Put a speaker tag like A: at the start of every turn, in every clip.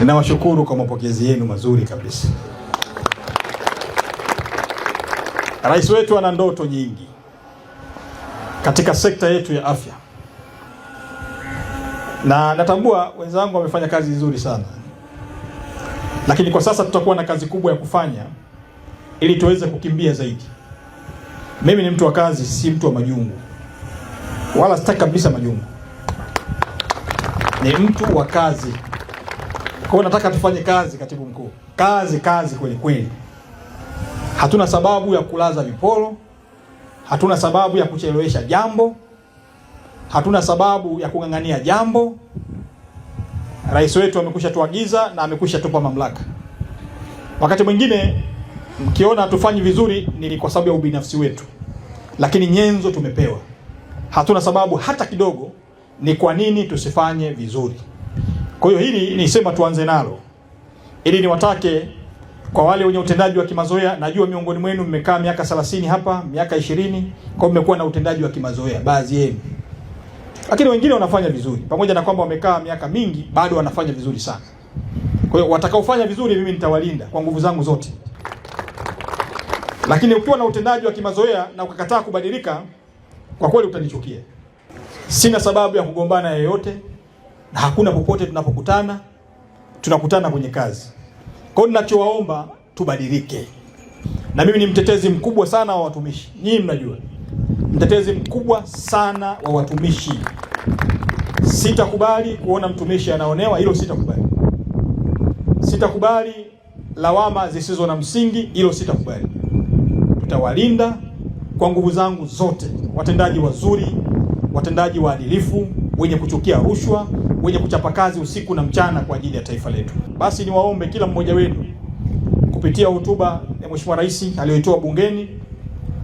A: Ninawashukuru kwa mapokezi yenu mazuri kabisa. Rais wetu ana ndoto nyingi katika sekta yetu ya afya, na natambua wenzangu wamefanya kazi nzuri sana, lakini kwa sasa tutakuwa na kazi kubwa ya kufanya ili tuweze kukimbia zaidi. Mimi ni mtu wa kazi, si mtu wa majungu, wala sitaki kabisa majungu. Ni mtu wa kazi. Kwa hiyo nataka tufanye kazi, katibu mkuu, kazi kazi kweli kweli. Hatuna sababu ya kulaza viporo, hatuna sababu ya kuchelewesha jambo, hatuna sababu ya kung'ang'ania jambo. Rais wetu amekwisha tuagiza na amekwisha tupa mamlaka. Wakati mwingine mkiona hatufanyi vizuri ni kwa sababu ya ubinafsi wetu, lakini nyenzo tumepewa, hatuna sababu hata kidogo ni kwa nini tusifanye vizuri. Kwa hiyo hili ni sema tuanze nalo, ili niwatake kwa wale wenye utendaji wa kimazoea. Najua miongoni mwenu mmekaa miaka 30 hapa, miaka 20, kwa mmekuwa na utendaji wa kimazoea baadhi yenu, lakini wengine wanafanya vizuri, pamoja na kwamba wamekaa miaka mingi, bado wanafanya vizuri sana. Kwa hiyo watakaofanya vizuri, mimi nitawalinda kwa nguvu zangu zote, lakini ukiwa na utendaji wa kimazoea na ukakataa kubadilika, kwa kweli utanichukia. Sina sababu ya kugombana yeyote na hakuna popote tunapokutana tunakutana kwenye kazi. Kwa hiyo ninachowaomba tubadilike, na mimi ni mtetezi mkubwa sana wa watumishi, nyinyi mnajua, mtetezi mkubwa sana wa watumishi. Sitakubali kuona mtumishi anaonewa, hilo sitakubali. Sitakubali lawama zisizo na msingi, hilo sitakubali. Tutawalinda kwa nguvu zangu zote, watendaji wazuri, watendaji waadilifu, wenye kuchukia rushwa wenye kuchapa kazi usiku na mchana kwa ajili ya taifa letu. Basi niwaombe kila mmoja wenu kupitia hotuba ya Mheshimiwa Rais aliyoitoa bungeni,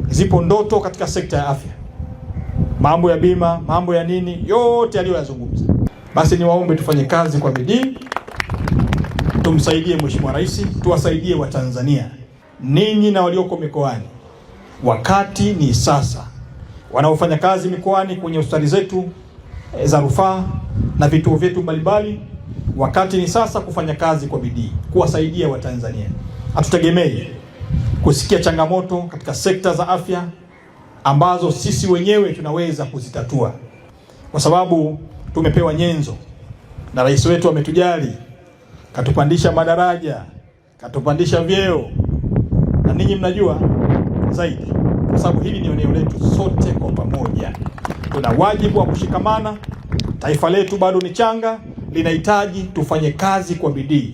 A: zipo ndoto katika sekta ya afya, mambo ya bima, mambo ya nini, yote aliyoyazungumza. Basi niwaombe tufanye kazi kwa bidii, tumsaidie Mheshimiwa Rais, tuwasaidie Watanzania ninyi na walioko mikoani. Wakati ni sasa, wanaofanya kazi mikoani kwenye hospitali zetu eh, za rufaa na vituo vyetu mbalimbali. Wakati ni sasa kufanya kazi kwa bidii kuwasaidia Watanzania. Hatutegemei kusikia changamoto katika sekta za afya ambazo sisi wenyewe tunaweza kuzitatua, kwa sababu tumepewa nyenzo na rais wetu ametujali, katupandisha madaraja, katupandisha vyeo, na ninyi mnajua zaidi, kwa sababu hili ni eneo letu sote. Kwa pamoja tuna wajibu wa kushikamana Taifa letu bado ni changa, linahitaji tufanye kazi kwa bidii.